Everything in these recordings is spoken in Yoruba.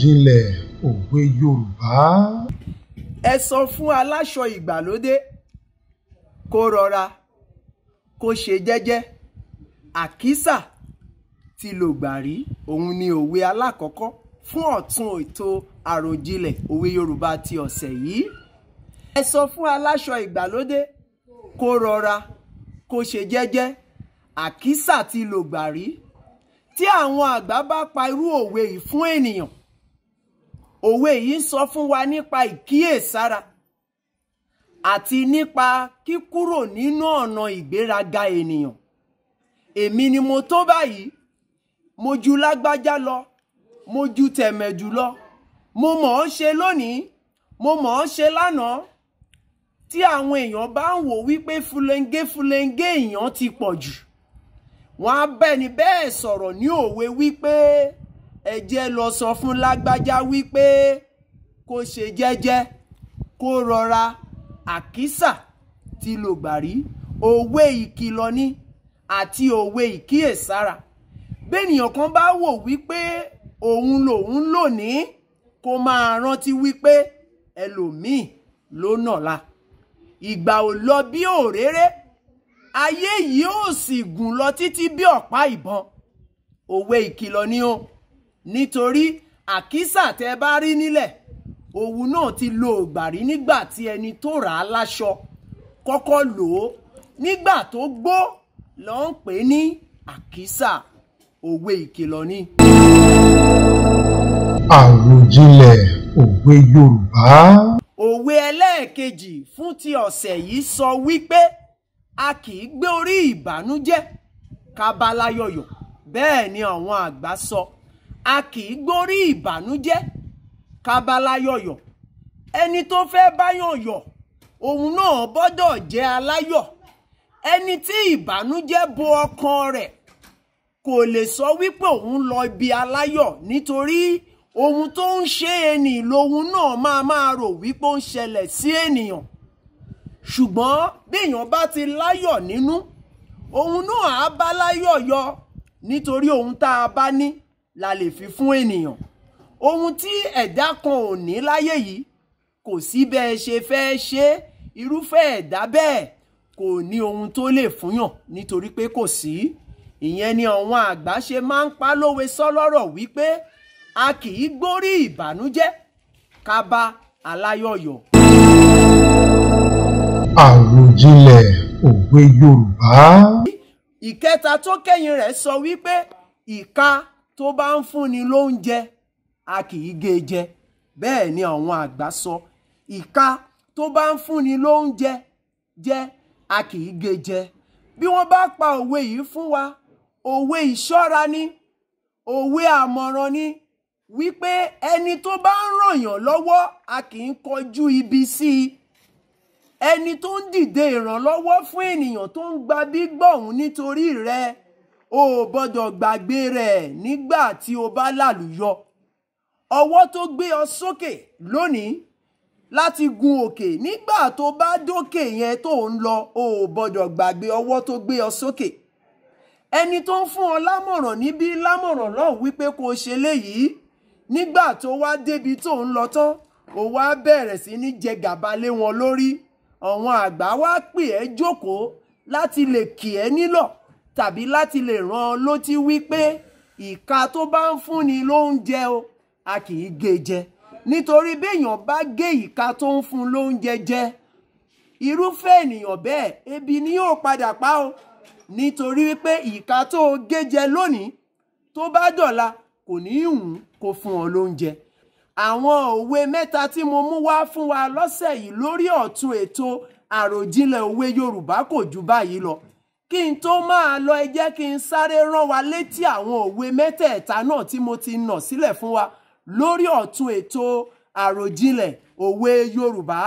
àròjinlẹ̀ òwe Yorùbá. ẹ sọ fún aláṣọ ìgbàlódé kó rọra kó ṣe jẹ́jẹ́ àkísà ti lògbàrí òun ni òwe alákọ̀ọ́kọ́ fún ọ̀tún ètò àròjinlẹ̀ òwe Yorùbá ti ọ̀sẹ̀ yìí. ẹ sọ fún aláṣọ ìgbàlódé kó rọra kó ṣe jẹ́jẹ́ àkísà ti lògbàrí tí àwọn àgbà bá pa irú òwe yìí fún ènìyàn òwe yìí ń sọ fún wa nípa ìkíyèsára àti nípa kíkúrò nínú ọ̀nà ìgbéraga ènìyàn èmi ni mo tó báyìí mo ju lágbájá lọ mo ju tẹ̀mẹ̀dù lọ mo mọ̀ ọ́ ṣe lónìí mo mọ̀ ọ́ ṣe lánàá tí àwọn èèyàn bá ń wò wípé fúlẹ́ńgé fúlẹ́ńgé èèyàn ti pọ̀ jù wọ́n á bẹ́ni bẹ́ẹ̀ sọ̀rọ̀ ní òwe wípé ẹ jẹ́ lọ sọ fún lágbájá wípé kó ṣe jẹ́jẹ́ kó rọra àkísà ti lògbàrí òwe ìkìlọ̀ ni àti òwe ìkíyèsára bẹ́ẹ̀nìyàn kan bá wò wípé òun lòun lónìí kó máa rántí wípé ẹlòmíì ló nọ̀la ìgbà ò lọ bí òréré ayé yìí ò sì gùn lọ títí bí ọ̀pá ìbọn òwe ìkìlọ̀ ni o nítorí àkísà tẹ́ bá rí nílẹ̀ òun náà ti lo ògbàrí nígbà tí ẹni tó rà á láṣọ kọ́kọ́ lò ó nígbà tó gbó ló ń pè ní àkísà òwe ìkìlọ̀ ni. àròjinlẹ̀ òwe Yorùbá. òwe ẹlẹ́ẹ̀kejì fún ti ọ̀sẹ̀ yìí sọ wípé a kì í gbé orí ìbànújẹ́ ká bá bẹ́ẹ̀ ni àwọn àgbà sọ. So a kì í gbórí ìbànújẹ́ kábàlá yọ̀yọ̀ ẹni tó fẹ́ báyọ̀ yọ̀ òun náà bọ́dọ̀ jẹ́ aláyọ̀ ẹni tí ìbànújẹ́ bo ọkàn rẹ̀ kò lè sọ wípé òun lọ ibi aláyọ̀ nítorí ohun tó ń ṣe ẹni lòun náà máa máa rò wípé ó ń ṣẹlẹ̀ sí ènìyàn ṣùgbọ́n béèyàn bá ti láyọ̀ nínú òun náà á bá láyọ̀ yọ nítorí ohun tá a bá ní la lè fi fún ènìyàn ohun tí ẹ̀dá kan ò ní láyé yìí kò sí bẹ́ẹ̀ ṣe fẹ́ ṣe irúfẹ́ ẹ̀dá bẹ́ẹ̀ kò ní ohun tó lè fúnyàn nítorí pé kò sí ìyẹn ni àwọn àgbà ṣe máa ń pa lówe sọ́lọ́rọ̀ wípé a kì í gbórí ìbànújẹ́ ká bá aláyọ̀yọ̀. àròjinlẹ̀ òwe yorùbá. ìkẹta tó kẹ́yìn rẹ̀ sọ wípé ìka tó bá ń fúnni lóúnjẹ a kì í gé e jẹ bẹ́ẹ̀ ni àwọn àgbà sọ ìka tó bá ń fúnni lóúnjẹ jẹ a kì í gé e jẹ bí wọ́n bá pa òwe yìí fún wa òwe ìṣọ́ra ni òwe àmọ̀ràn ni wípé ẹni tó bá ń rànyàn lọ́wọ́ a kì í kọjú ibi sí i ẹni tó ń dìde ìrànlọ́wọ́ fún ènìyàn tó ń gba bígbọ̀hún nítorí rẹ̀ o ò gbọ́dọ̀ gbàgbé rẹ̀ nígbà tí o bá lálùyọ ọwọ́ tó gbé ọ sókè lónìí láti gun òkè nígbà tó bá dókè yẹn tó ń lọ o ò gbọ́dọ̀ gbàgbé ọwọ́ tó gbé ọ sókè ẹni tó ń fún ọ lámọ̀ràn níbí lámọ̀ràn náà wípé kó ṣe léyìí nígbà tó wá débi tó ń lọ tán ó wá bẹ̀rẹ̀ sí ní jẹ gàba lé wọn lórí àwọn àgbà wá pè ẹ́ jókòó láti lè kì ẹ́ nílọ̀ tàbí láti lè rán ọ lótí wípé ìka tó bá ń fúnni ló ń jẹ o a kì í gé jẹ nítorí béèyàn bá gé ìka tó ń fún lóúnjẹ jẹ irúfẹ́ ènìyàn bẹ́ẹ̀ ebi ni yóò padà pa o nítorí wípé ìka tó o gé jẹ lónìí tó bá dọ̀la kò ní í hùn kó fún ọ lóúnjẹ àwọn òwe mẹ́ta tí mo mú wá fún wa lọ́sẹ̀ yìí lórí ọ̀tun ètò àròjinlẹ̀ òwe Yorùbá kò jù báyìí lọ kí n tó máa lọ ẹ jẹ́ kí n sáré rán wa létí àwọn òwe mẹ́tẹ̀ẹ̀ta náà tí mo ti nà sílẹ̀ fún wa lórí ọ̀tun ètò àròjinlẹ̀ òwe Yorùbá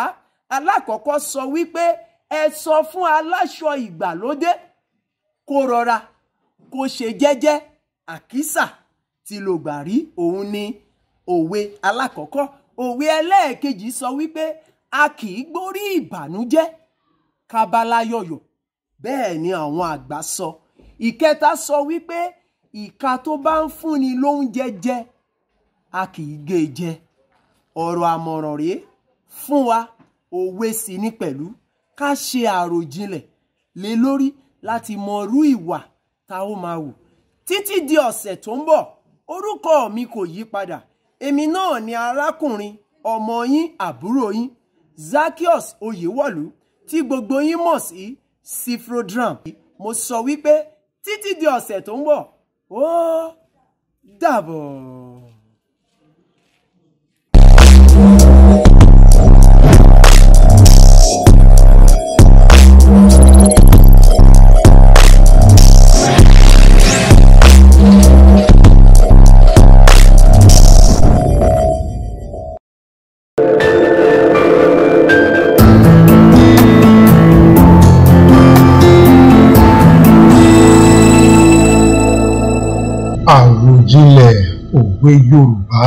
alákọ̀ọ́kọ́ sọ wípé ẹ sọ fún aláṣọ ìgbàlódé kó rọra kó ṣe jẹ́jẹ́ àkísà tí ló gbà òun ni òwe alákọ̀ọ́kọ́ òwe ẹlẹ́ẹ̀kejì sọ wípé a kì í gbórí ìbànújẹ́ ká bá bẹ́ẹ̀ ni àwọn àgbà sọ ìkẹta sọ wípé ìka tó bá ń fúnni lóúnjẹ jẹ a kì í gé e jẹ ọ̀rọ̀ àmọ̀ràn rèé fún wa òwe sì ní pẹ̀lú ká ṣe àròjinlẹ̀ lé lórí láti mọrú ìwà tá ó máa wù títí di ọ̀sẹ̀ tó ń bọ̀ orúkọ mi kò yí padà èmi náà ni arákùnrin ọmọ yín àbúrò yín Zaccheaus Oyèwọ̀lú tí gbogbo yín mọ̀ sí cifrodram mo sọ wípé títí di ọ̀sẹ̀ tó ń bọ̀ ó dàbọ̀. òwe Yorùbá.